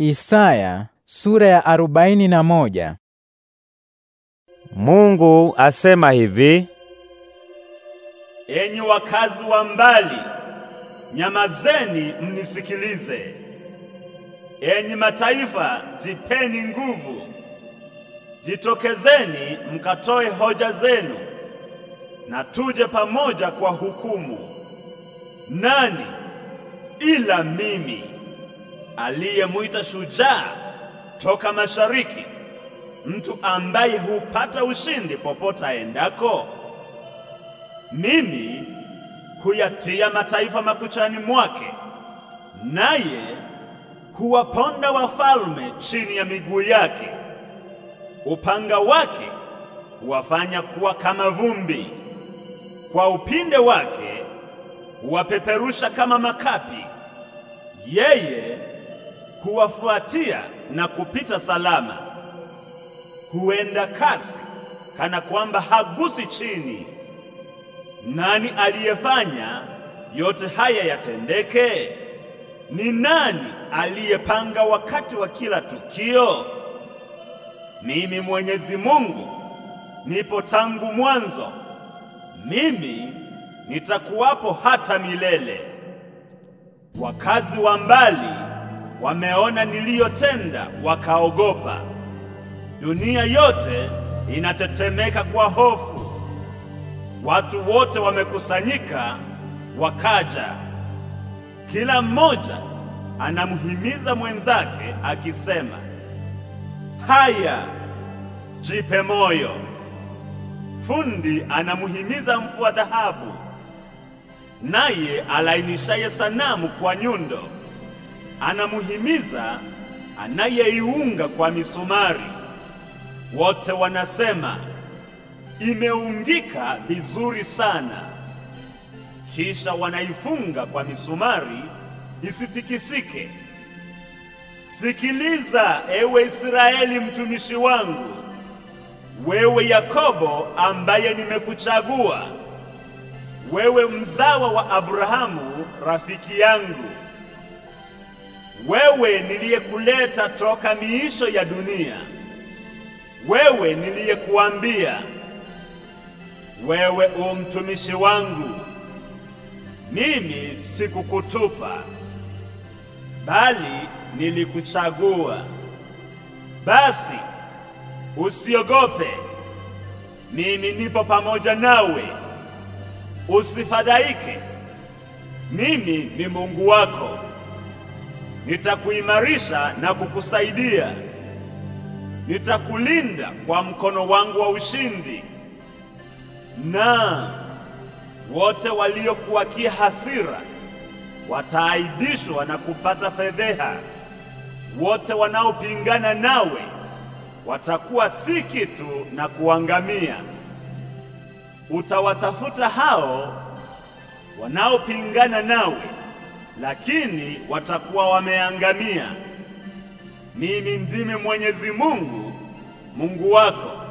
Isaya sura ya arobaini na moja. Mungu asema hivi: Enyi wakazi wa mbali, nyamazeni mnisikilize. Enyi mataifa, jipeni nguvu. Jitokezeni mkatoe hoja zenu na tuje pamoja kwa hukumu. Nani ila mimi? aliyemwita shujaa toka mashariki, mtu ambaye hupata ushindi popote aendako. Mimi huyatia mataifa makuchani mwake, naye huwaponda wafalme chini ya miguu yake. Upanga wake huwafanya kuwa kama vumbi, kwa upinde wake huwapeperusha kama makapi. Yeye kuwafuatia na kupita salama. Huenda kasi kana kwamba hagusi chini. Nani aliyefanya yote haya yatendeke? Ni nani aliyepanga wakati wa kila tukio? Mimi Mwenyezi Mungu nipo tangu mwanzo, mimi nitakuwapo hata milele. Wakazi wa mbali wameona niliyotenda wakaogopa. Dunia yote inatetemeka kwa hofu. Watu wote wamekusanyika wakaja, kila mmoja anamhimiza mwenzake akisema, haya, jipe moyo. Fundi anamhimiza mfua dhahabu, naye alainishaye sanamu kwa nyundo anamuhimiza anayeiunga kwa misumari. Wote wanasema imeungika vizuri sana, kisha wanaifunga kwa misumari isitikisike. Sikiliza, ewe Israeli mtumishi wangu, wewe Yakobo ambaye nimekuchagua, wewe mzawa wa Abrahamu rafiki yangu wewe niliyekuleta toka miisho ya dunia, wewe niliyekuambia, wewe u mtumishi wangu, mimi sikukutupa, bali nilikuchagua. Basi usiogope, mimi nipo pamoja nawe, usifadhaike, mimi ni Mungu wako nitakuimarisha na kukusaidia, nitakulinda kwa mkono wangu wa ushindi, na wote waliokuwakia hasira wataaibishwa na kupata fedheha. Wote wanaopingana nawe watakuwa si kitu na kuangamia. Utawatafuta hao wanaopingana nawe lakini watakuwa wameangamia. Mimi ndimi Mwenyezi Mungu Mungu wako,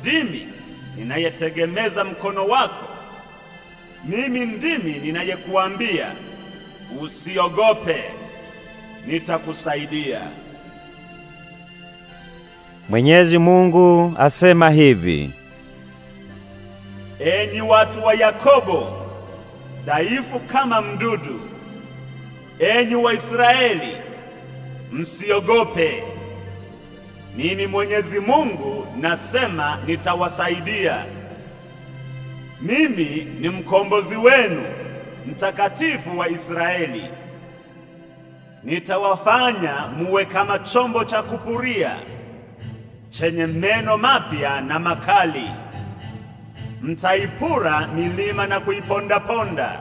ndimi ninayetegemeza mkono wako, mimi ndimi ninayekuambia usiogope, nitakusaidia. Mwenyezi Mungu asema hivi: Enyi watu wa Yakobo, dhaifu kama mdudu Enyi Waisraeli, msiogope. Mimi Mwenyezi Mungu nasema nitawasaidia. Mimi ni mkombozi wenu, mtakatifu wa Israeli. Nitawafanya muwe kama chombo cha kupuria chenye meno mapya na makali. Mtaipura milima na kuiponda ponda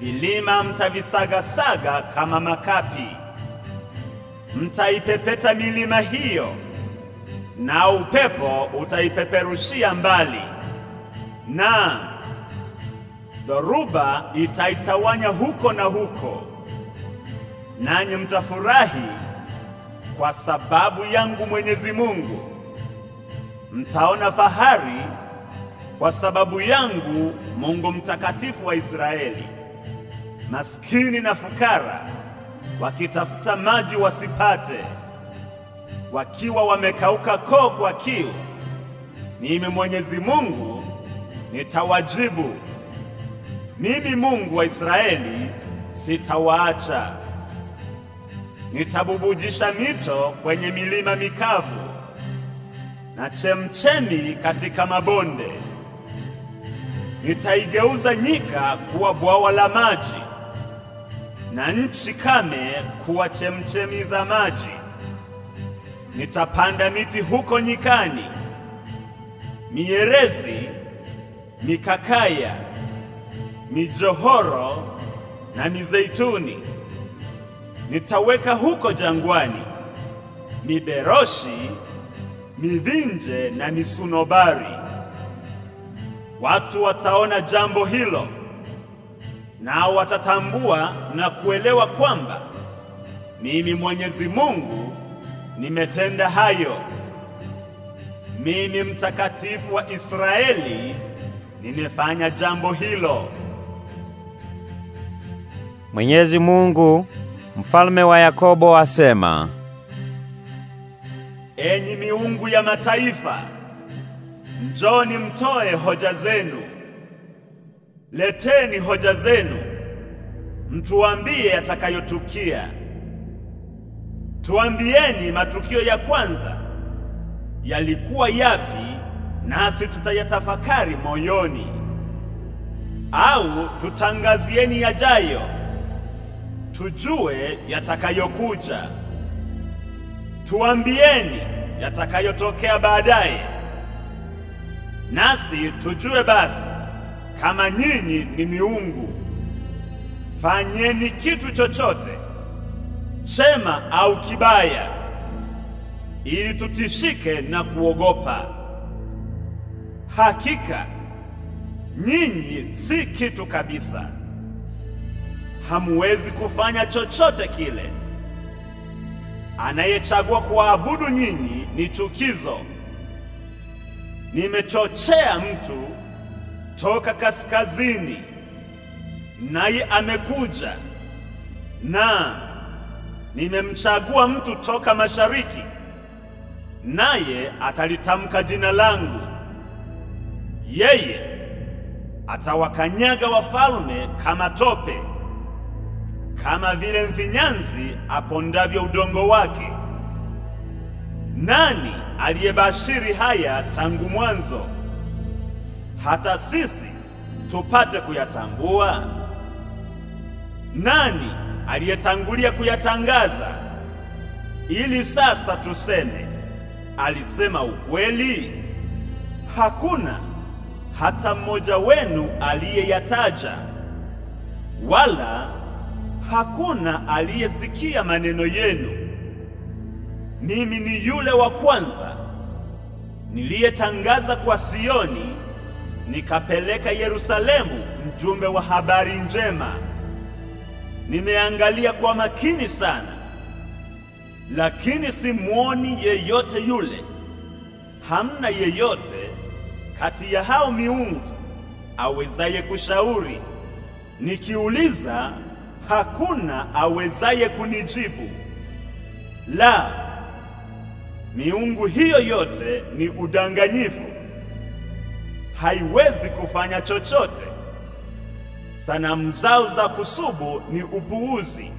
vilima mtavisagasaga kama makapi, mtaipepeta milima hiyo, na upepo utaipeperushia mbali, na dhoruba itaitawanya huko na huko, nanyi mtafurahi kwa sababu yangu Mwenyezi Mungu. Mtaona fahari kwa sababu yangu Mungu mtakatifu wa Israeli maskini na fukara wakitafuta maji wasipate, wakiwa wamekauka koo kwa kiu. Mimi Mwenyezi Mungu nitawajibu, mimi Mungu wa Israeli sitawaacha. Nitabubujisha mito kwenye milima mikavu na chemchemi katika mabonde. Nitaigeuza nyika kuwa bwawa la maji na nchi kame kuwa chemchemi za maji. Nitapanda miti huko nyikani, mierezi, mikakaya, mijohoro na mizeituni. Nitaweka huko jangwani miberoshi, mivinje na misunobari. Watu wataona jambo hilo nao watatambua na kuelewa kwamba mimi Mwenyezi Mungu nimetenda hayo. Mimi mtakatifu wa Israeli nimefanya jambo hilo. Mwenyezi Mungu mfalme wa Yakobo asema, enyi miungu ya mataifa, njoni mtoe hoja zenu leteni hoja zenu, mtuambie yatakayotukia. Tuambieni matukio ya kwanza yalikuwa yapi, nasi tutayatafakari moyoni, au tutangazieni yajayo, tujue yatakayokuja. Tuambieni yatakayotokea baadaye, nasi tujue basi kama nyinyi ni miungu, fanyeni kitu chochote chema au kibaya, ili tutishike na kuogopa. Hakika nyinyi si kitu kabisa, hamuwezi kufanya chochote kile. Anayechagua kuwaabudu nyinyi ni chukizo. Nimechochea mtu toka kaskazini, naye amekuja, na nimemchagua mtu toka mashariki, naye atalitamka jina langu. Yeye atawakanyaga wafalme kama tope, kama vile mfinyanzi apondavyo udongo wake. Nani aliyebashiri haya tangu mwanzo? hata sisi tupate kuyatambua? Nani aliyetangulia kuyatangaza ili sasa tuseme alisema ukweli? Hakuna hata mmoja wenu aliyeyataja, wala hakuna aliyesikia maneno yenu. Mimi ni yule wa kwanza niliyetangaza kwa Sioni nikapeleka Yerusalemu mjumbe wa habari njema. Nimeangalia kwa makini sana, lakini simuoni yeyote yule. Hamna yeyote kati ya hao miungu awezaye kushauri. Nikiuliza, hakuna awezaye kunijibu. La, miungu hiyo yote ni udanganyifu haiwezi kufanya chochote. Sanamu zao za kusubu ni upuuzi.